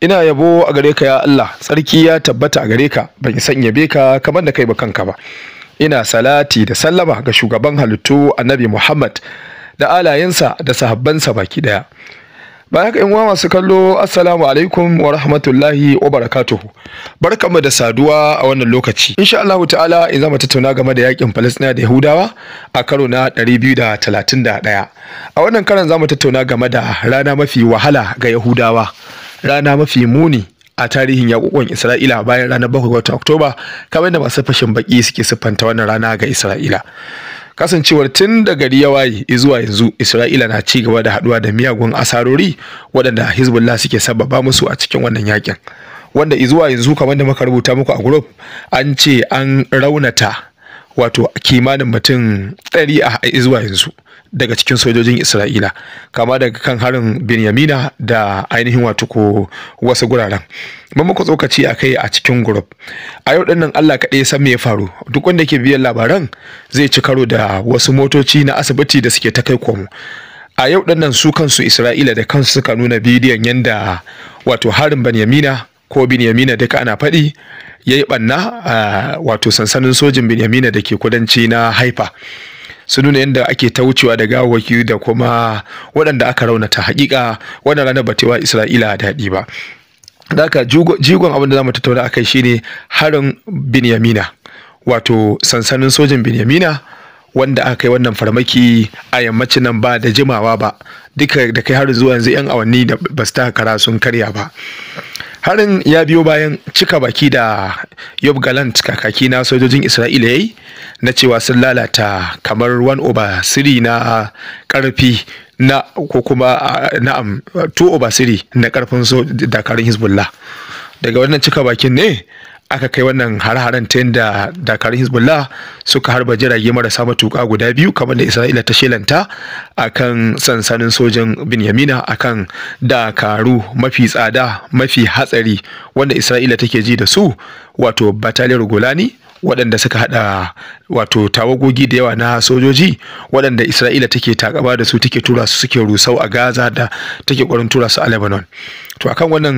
ina yabo a gare ka ya Allah tsarki ya tabbata a gare ka ban san yabe ka kamar da kai ba kanka ba ina salati da sallama ga shugaban halittu annabi Muhammad da alayensa da sahabbansa baki daya ba haka wawa masu kallo assalamu alaikum wa rahmatullahi wa barakatuhu barkamu da saduwa a wannan lokaci insha Allah ta'ala in zama tattauna game da yakin Palestina da Yahudawa a karo na 231 a wannan karan zamu tattauna game da rana mafi wahala ga Yahudawa rana mafi muni a tarihin yakukun isra'ila bayan ranar bakwai watan oktoba kamar da masu fashin baki suke siffanta wannan rana ga isra'ila kasancewar tun da gari ya waye zuwa yanzu isra'ila na ci gaba da haduwa da miyagun asarori waɗanda hezbollah suke sababa musu a cikin wannan yakin wanda zuwa yanzu kamar da muka rubuta muku a group an ce an raunata wato kimanin mutum ɗari a zuwa yanzu daga cikin sojojin isra'ila kama daga kan harin benyamina da ainihin wato ko wasu guraren Mamakon tsokaci a kai a cikin gurup a yau dinnan allah kaɗai san me ya faru duk wanda ke biyan labaran zai ci karo da wasu motoci na asibiti da suke ta kai komo a yau nan su kansu isra'ila da kansu suka nuna bidiyon yanda wato harin benyamina ko benyamina duka ana faɗi ya yi ɓanna a wato sansanin sojin Binyamina da ke kudanci na haifa su nuna yadda ake ta wucewa da gawaki da kuma waɗanda aka raunata hakika wannan ranar ba wa isra'ila daɗi ba da haka jigon abin da za mu tattauna a shi shine harin binyamina wato sansanin sojin binyamina wanda aka yi wannan farmaki a yammacin nan ba da jimawa ba duka da kai har zuwa yanzu 'yan awanni da ba su kara sun karya ba harin ya biyo bayan cika baki da yob galant kakaki na sojojin isra'ila yayi na cewa sun lalata kamar one over siri na karfi na ko kuma na'am over siri na karfin so dakarun hezbollah daga wannan cika bakin ne aka kai wannan har-haren ta yadda dakarun hezbollah suka harba jirage marasa matuka guda biyu kamar da isra'ila ta shelanta a kan sansanin sojan binyamina a kan dakaru mafi tsada mafi hatsari wanda isra'ila take ji da su wato bataliyar golani waɗanda suka hada wato tawagogi da yawa na sojoji waɗanda isra'ila take takaba da su take tura su suke rusau a gaza da take ƙwarin tura su a lebanon to akan wannan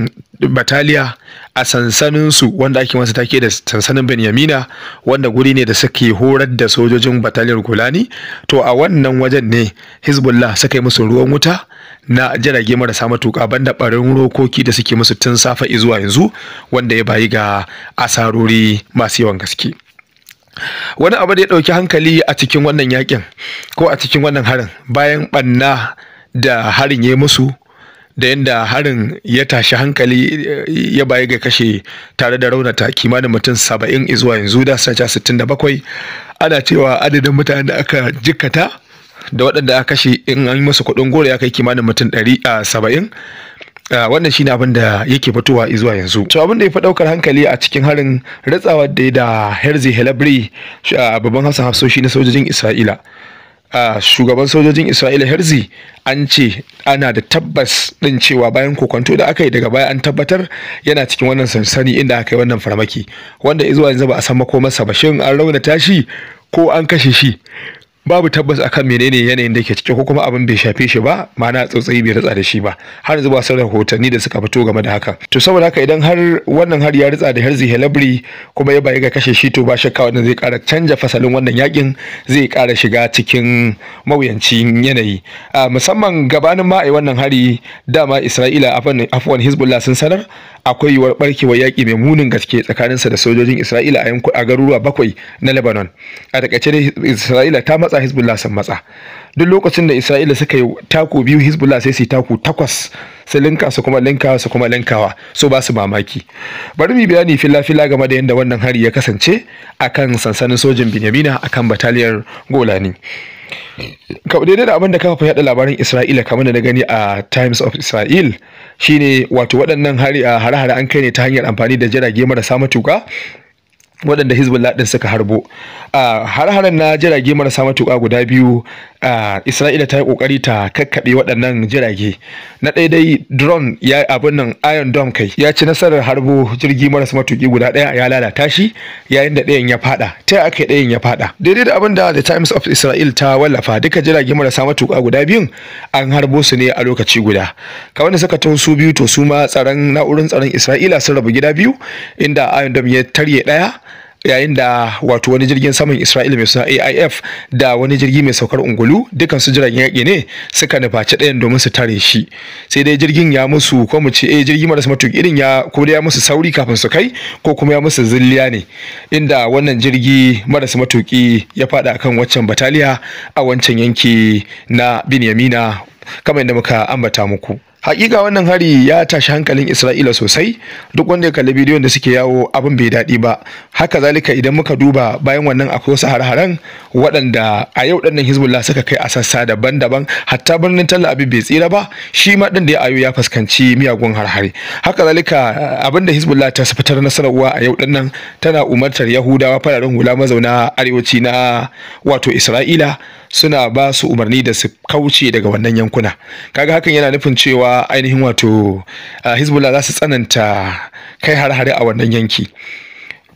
bataliya a sansaninsu wanda ake masa take da sansanin benyamina wanda guri ne da suke horar da sojojin bataliyar gulani to a wannan wajen ne hezbollah suka yi musu ruwan wuta na jirage marasa matuƙa banda ɓarin rokoki da suke musu tun safa zuwa yanzu wanda ya bayi ga asarori masu yawan gaske wani abu da ya ɗauki hankali a cikin wannan yakin ko a cikin wannan harin bayan ɓanna da harin ya yi musu da yadda harin ya tashi hankali eh, ya bayi ga kashe tare da raunata kimanin mutum saba'in zuwa yanzu da sace sittin da bakwai ana cewa adadin mutanen da aka jikkata da waɗanda aka kashe in an yi musu kuɗin goro ya kai kimanin mutum ɗari a ah, saba'in Eh, wannan shine abin da yake fitowa zuwa yanzu to abin da ya fi daukar hankali a cikin harin ratsawa da da Herzi Helabri babban hasan hafsoshi na sojojin Isra'ila shugaban sojojin Isra'ila Herzi an ce ana da tabbas din cewa bayan kokonto da aka yi daga baya an tabbatar yana cikin wannan sansani inda aka yi wannan farmaki wanda zuwa yanzu ba a san masa ba shin an raunata shi ko an kashe shi babu tabbas akan menene yanayin da ke ciki ko kuma abin bai shafe shi ba ma'ana tsautsayi bai ritsa da shi ba har yanzu ba sauran rahotanni da suka fito game da haka to saboda haka idan har wannan har ya ritsa da harzi helabri kuma ya bayi ga kashe shi to ba shakka wannan zai kara canja fasalin wannan yakin zai kara shiga cikin mawuyancin yanayi musamman gabanin ma a wannan hari dama isra'ila afwan hezbollah sun sanar akwai yiwuwar barkewar yaki mai munin gaske tsakaninsa da sojojin isra'ila a garuruwa bakwai na lebanon a takaice isra'ila ta matsa hezbollah sun matsa duk lokacin da isra'ila suka yi taku biyu hezbollah sai su yi taku takwas su linka su kuma linkawa su kuma linkawa so ba su mamaki bari mu bayani fila fila game da yadda wannan hari ya kasance akan sansanin sojin binyamina akan bataliyar golani daidai da abin da kafa yaɗa labarin isra'ila kamar da na gani a times of israel shine wato waɗannan hari a hare-hare an kai ne ta hanyar amfani da jirage marasa matuka waɗanda hezbollah ɗin suka harbo a har-haren na jirage marasa matuƙa guda biyu uh, isra'ila ta yi kokari ta kakkaɓe waɗannan jirage na ɗaya dai drone ya abin nan iron dome kai ya ci nasarar harbo jirgi maras matuki guda ɗaya ya lalata shi yayin da ɗayan ya faɗa ta aka ɗayan ya fada daidai da abin da the times of israel ta wallafa duka jirage marasa matuka guda biyun an harbo su ne a lokaci guda ka wanda suka taho su biyu to su ma tsaron na'urin tsaron isra'ila sun rabu gida biyu inda iron dome ya tarye ɗaya yayin da wato wani jirgin saman Isra'ila mai suna AIF da wani jirgi mai saukar ungulu dukkan su jiragen yaƙi ne suka nufaci ɗayan domin su tare shi sai dai jirgin ya musu ko mu ce eh jirgi marasa matuƙi irin ya ko dai ya musu sauri kafin su kai ko kuma ya musu zilliya ne inda wannan jirgi marasa matuƙi ya faɗa kan waccan bataliya a wancan yanki na Binyamina kamar yadda muka ambata muku. hakika wannan hari ya tashi hankalin isra'ila sosai duk wanda ya kalli bidiyon da suke yawo abin bai daɗi ba haka zalika idan muka duba bayan wannan akwai wasu har-haren waɗanda a yau ɗannan hezbollah suka kai a sassa daban-daban hatta birnin talla aviv bai tsira ba shi ma ɗin da ya ayo ya fuskanci miyagun har-hare haka zalika eh, abin da hezbollah ta fitar na sanarwa a yau ɗannan tana umartar yahudawa fararen hula mazauna arewaci na wato isra'ila suna ba su umarni da su kauce daga wannan yankuna kaga hakan yana nufin cewa ainihin wato ah, hezbollah za su tsananta kai har-hare a wannan yanki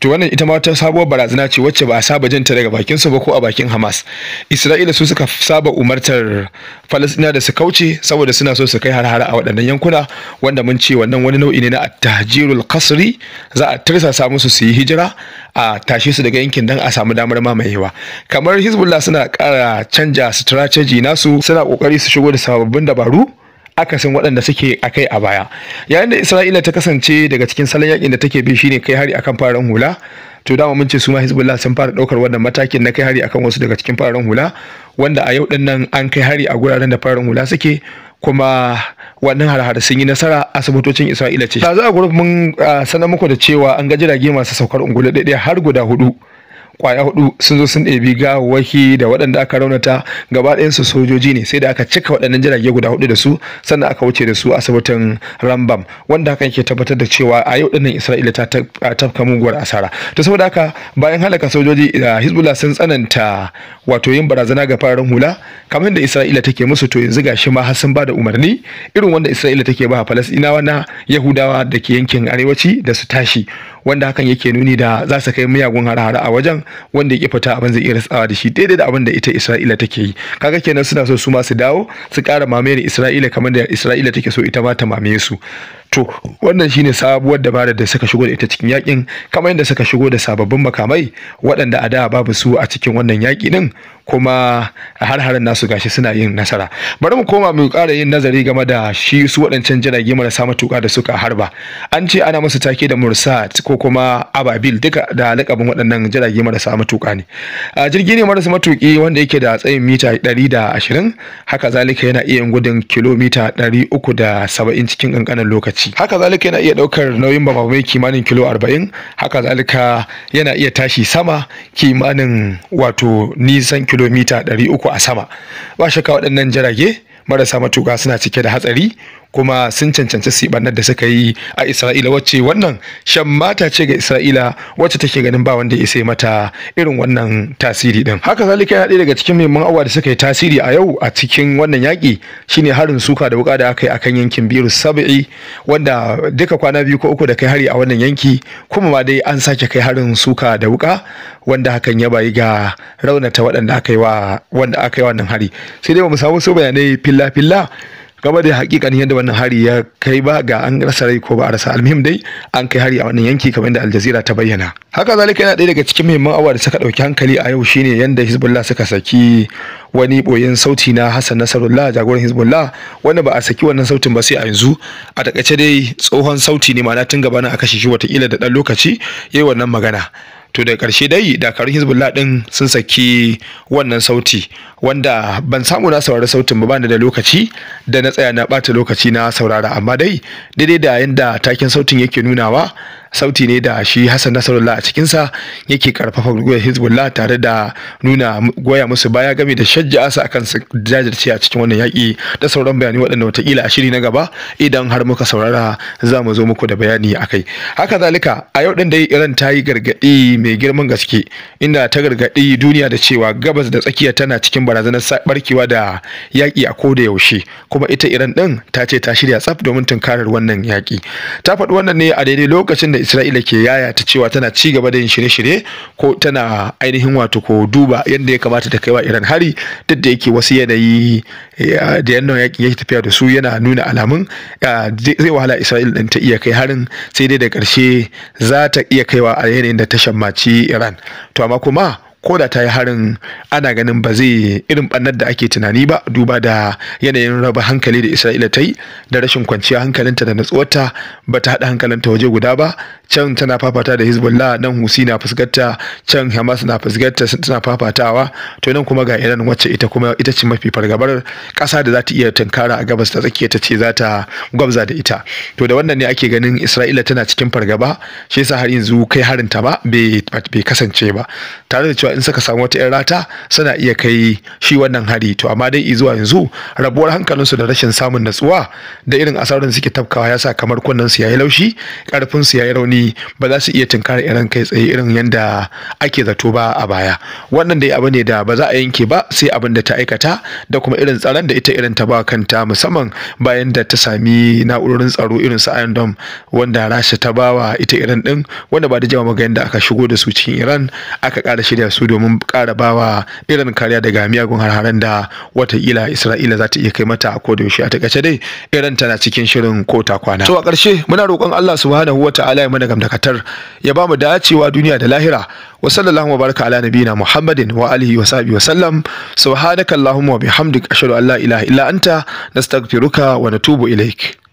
wato wannan ita ma ta sabuwar barazana ce wacce ba a saba jinta daga bakin su ba ko a bakin Hamas Isra'ila su suka saba umartar Falastina da su kauce saboda suna so su kai har har a waɗannan yankuna wanda mun ce wannan wani nau'i ne na at-tahjirul qasri za a tirsasa musu su yi hijira a tashe su daga yankin dan a samu damar mamayewa kamar Hezbollah suna ƙara canja strategy nasu suna kokari su shigo da sababbin dabaru akasin waɗanda suke a kai a baya yayin da isra'ila ta kasance daga cikin salon yakin da take bi shine kai hari akan fararen hula to dama mun ce su ma hezbollah sun fara ɗaukar wannan matakin na kai hari akan wasu daga cikin fararen hula wanda a yau dinnan an kai hari a guraren da fararen hula suke kuma wannan har sun yi nasara asibitocin isra'ila ce za a gurbin mun ah, sanar muku da cewa an ga jirage masu saukar ungulu ɗaya har guda hudu kwaya hudu sun zo sun ɗebi gawawwaki da waɗanda aka raunata gaba ɗayansu sojoji ne sai da aka cika waɗannan jirage guda hudu da su sannan aka wuce da su asibitin rambam wanda hakan ke tabbatar da cewa a yau ɗinnan isra'ila ta tafka muguwar asara to saboda haka bayan halaka sojoji da eh, hezbollah sun tsananta wato yin barazana ga fararen hula kamar da isra'ila take musu to yanzu gashi ma har sun ba da umarni irin wanda isra'ila take ba falasɗinawa na yahudawa da ke yankin arewaci da su tashi wanda hakan yake nuni da za su kai miyagun hare-hare a wajen wanda ya fita abin zai iya ratsawa da shi daidai da abin da ita Isra'ila take yi kaga kenan suna so su ma su dawo su ƙara mamayar Isra'ila kamar da Isra'ila take so ita ma ta mamaye su to wannan shine sabuwar dabarar da suka shigo da ita cikin yakin kamar yadda suka shigo da sababbin makamai waɗanda a da babu su a cikin wannan yaki din kuma har harin nasu gashi suna yin nasara bari mu koma mu ƙara yin nazari game da shi su waɗancan jirage marasa matuƙa da suka harba an ce ana musu take da mursat ko kuma ababil duka da lakabin waɗannan jirage marasa matuƙa ne a jirgi ne marasa matuƙi wanda yake da tsayin mita ɗari da ashirin, haka zalika yana iya yin gudun kilomita ɗari uku da saba'in cikin ƙanƙanin lokaci haka zalika yana iya ɗaukar nauyin mai kimanin kilo 40 haka zalika yana iya tashi sama kimanin wato nisan kilomita 300 a sama ba shakka waɗannan jirage marasa matuƙa suna cike da hatsari kuma sun cancanci su da suka yi a isra'ila wacce wannan shan mata ce ga isra'ila wacce take ganin ba wanda ya sai mata irin wannan tasiri din haka zalika yana ɗaya daga cikin muhimman abubuwa da suka yi tasiri a yau a cikin wannan yaƙi shine harin suka da wuka da aka yi kan yankin biru sabi'i wanda duka kwana biyu ko uku da kai hari a wannan yanki kuma ma dai an sake kai harin suka da wuka wanda hakan ya bayi ga raunata waɗanda aka yi wa wanda aka yi wannan hari sai dai ba mu samu su bayanai filla-filla gaba da hakikanin yadda wannan hari ya kai ba ga an rasa rai ko ba a rasa almihim dai an kai hari a wannan yanki kamar da aljazira ta bayyana haka zalika yana ɗaya daga cikin muhimman awa da suka ɗauki hankali a yau shine yadda hizbullah suka saki wani boyen sauti na hassan nasarullah jagoran hizbullah wanda ba a saki wannan sautin ba sai a yanzu a takaice dai tsohon sauti ne ma'ana tun na a kashe shi watakila da ɗan lokaci yayi wannan magana to da karshe dai dakarun hezbollah din sun saki wannan sauti wanda ban samu na saurari sautin ba bani da lokaci da na tsaya na bata lokaci na saurara amma dai daidai da yanda takin sautin yake nunawa sauti ne da shi Hassan Nasarullah a cikinsa yake karfafa gwiwar Hezbollah tare da nuna goya musu baya game da shajja'a su akan su jajirce a cikin wannan yaƙi da sauran bayanai waɗanda watakila a shiri na gaba idan har muka saurara za mu zo muku da bayani a kai. Haka zalika a yau ɗin dai Iran ta yi gargaɗi mai girman gaske inda ta gargaɗi duniya da cewa gabas da tsakiya tana cikin barazanar barkewa da yaƙi a koda yaushe kuma ita Iran ɗin ta ce ta shirya tsaf domin tunkarar wannan yaƙi. Ta faɗi wannan ne a daidai lokacin da isra'ila ke yaya ta cewa tana ci gaba da yin shirye-shirye ko tana ainihin wato ko duba yadda ya kamata ta kai wa iran hari duk da yake wasu yanayi eh, da yannan yakin yake tafiya da su yana nuna alamun eh, zai wahala isra'ila din ta iya kai harin sai dai da ƙarshe za ta iya kaiwa a yanayin da ta shammaci iran to amma kuma ko da ta yi harin ana ganin ba zai irin bannar da ake tunani ba duba da yanayin raba hankali da isra'ila ta yi da rashin kwanciya hankalinta da natsuwarta ba ta haɗa hankalinta waje guda ba can tana fafata da hezbollah nan husi na fuskarta can hamas na fuskarta tana fafatawa to nan kuma ga iran wacce ita kuma ita ce mafi fargabar ƙasa da za ta iya tunkara a gabas ta tsakiya ta ce za ta gwabza da ita to da wannan ne ake ganin isra'ila tana cikin fargaba shi yasa har yanzu kai harinta ba bai kasance ba tare da cewa in suka samu wata 'yan rata suna iya kai shi wannan hari to amma dai zuwa yanzu rabuwar su da rashin samun natsuwa da irin asarar suke tafkawa ya sa kamar kunnen su yayi laushi karfin su yayi rauni ba za su iya tinkara irin kai tsaye irin yanda ake zato ba a baya wannan dai abu ne da ba za a yanke ba sai abin da ta aikata da kuma irin tsaron da ita irin ta ba kanta musamman bayan da ta sami na'urorin tsaro irin su iron dome wanda rasha ta bawa ita irin din wanda ba da jama ga yanda aka shigo da su cikin iran aka kara shirya su su domin ƙara bawa irin kariya daga miyagun harharen da watakila isra'ila za ta iya kai mata ko da yaushe a takaice dai irin tana cikin shirin ko ta kwana to a ƙarshe muna roƙon allah subhanahu wa ta'ala ya mana gamdakatar ya ba mu dacewa duniya da lahira wa sallallahu wa baraka ala nabiyina muhammadin wa alihi wa sahbihi wa sallam subhanakallahumma wa bihamdika ashhadu an la ilaha illa anta nastaghfiruka wa natubu ilaik